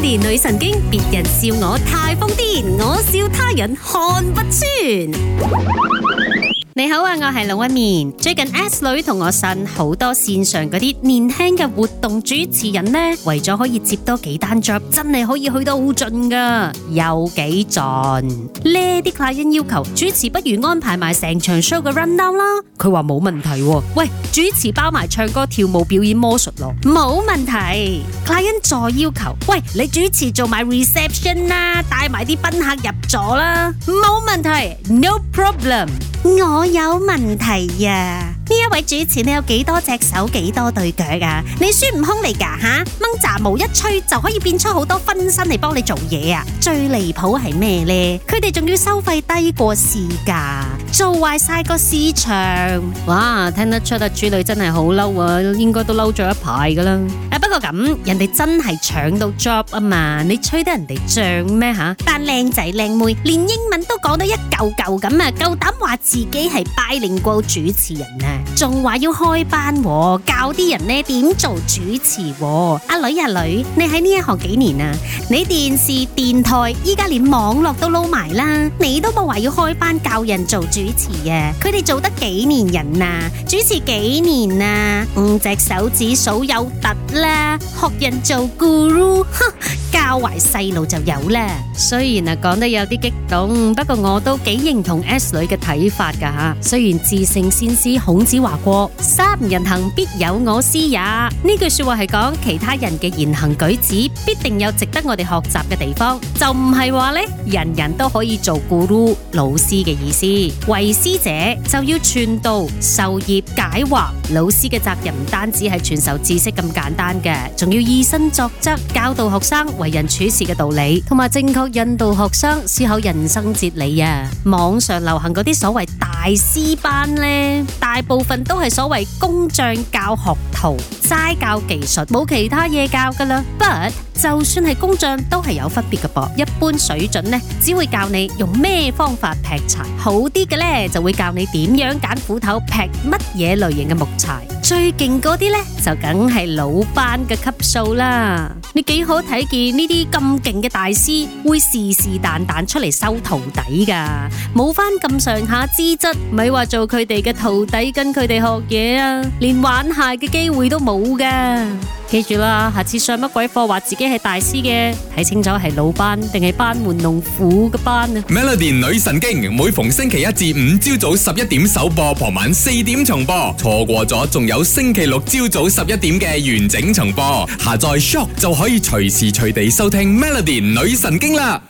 年女神經，別人笑我太瘋癲，我笑他人看不穿。你好啊，我係龍紋敏。最近 S 女同我信好多線上嗰啲年輕嘅活動主持人呢，為咗可以接多幾單 job，真係可以去到好盡噶，有幾盡？呢啲 client 要求主持，不如安排埋成場 show 嘅 run down 啦。佢話冇問題。啊，喂，主持包埋唱歌、跳舞、表演魔術咯，冇問題。客人再要求，喂，你主持做埋 reception 啦，帶埋啲賓客入座啦，冇問題，no problem，我有問題呀。呢一位主持，你有幾多隻手幾多對腳噶、啊？你孫悟空嚟噶吓，掹、啊、雜毛一吹就可以變出好多分身嚟幫你做嘢啊！最離譜係咩咧？佢哋仲要收費低過市價，做壞晒個市場。哇，聽得出啊，主女真係好嬲啊，應該都嬲咗一排噶啦。不過咁，人哋真係搶到 job 啊嘛，你吹得人哋漲咩吓？扮靚仔靚妹，連英文都講得一舊舊咁啊，夠膽話自己係 bilingual 主持人啊！仲話要開班、喎、教啲人咧點做主持、喎？阿、啊、女阿、啊、女，你喺呢一行幾年啊？你電視電台依家連網絡都撈埋啦，你都冇話要開班教人做主持啊？佢哋做得幾年人啊？主持幾年啊？五隻手指數有突啦，學人做 guru，哼。教壞細路就有啦。雖然啊講得有啲激動，不過我都幾認同 S 女嘅睇法噶吓。雖然至聖先師孔子話過，三人行必有我師也。呢句話說話係講其他人嘅言行舉止必定有值得我哋學習嘅地方，就唔係話咧人人都可以做古魯老師嘅意思。為師者就要傳道授業解惑，老師嘅責任唔單止係傳授知識咁簡單嘅，仲要以身作則教導學生。為人處事嘅道理，同埋正確引導學生思考人生哲理啊！網上流行嗰啲所謂大師班咧，大部分都係所謂工匠教學徒，齋教技術，冇其他嘢教㗎喇。But 就算係工匠，都係有分別嘅噃。一般水準呢，只會教你用咩方法劈柴，好啲嘅咧，就會教你點樣揀斧頭劈乜嘢類型嘅木柴。最勁嗰啲呢，就梗係老班嘅級數啦。你幾可睇見呢啲咁勁嘅大師，會是是旦旦出嚟收徒弟噶？冇翻咁上下資質，咪話做佢哋嘅徒弟，跟佢哋學嘢啊？連玩鞋嘅機會都冇噶。記住啦，下次上乜鬼課，話自己係大師嘅，睇清楚係老班定係班門弄斧嘅班啊！Melody 女神經，每逢星期一至五朝早十一點首播，傍晚四點重播，錯過咗仲有星期六朝早十一點嘅完整重播，下載 Shock 就可以隨時隨地收聽 Melody 女神經啦。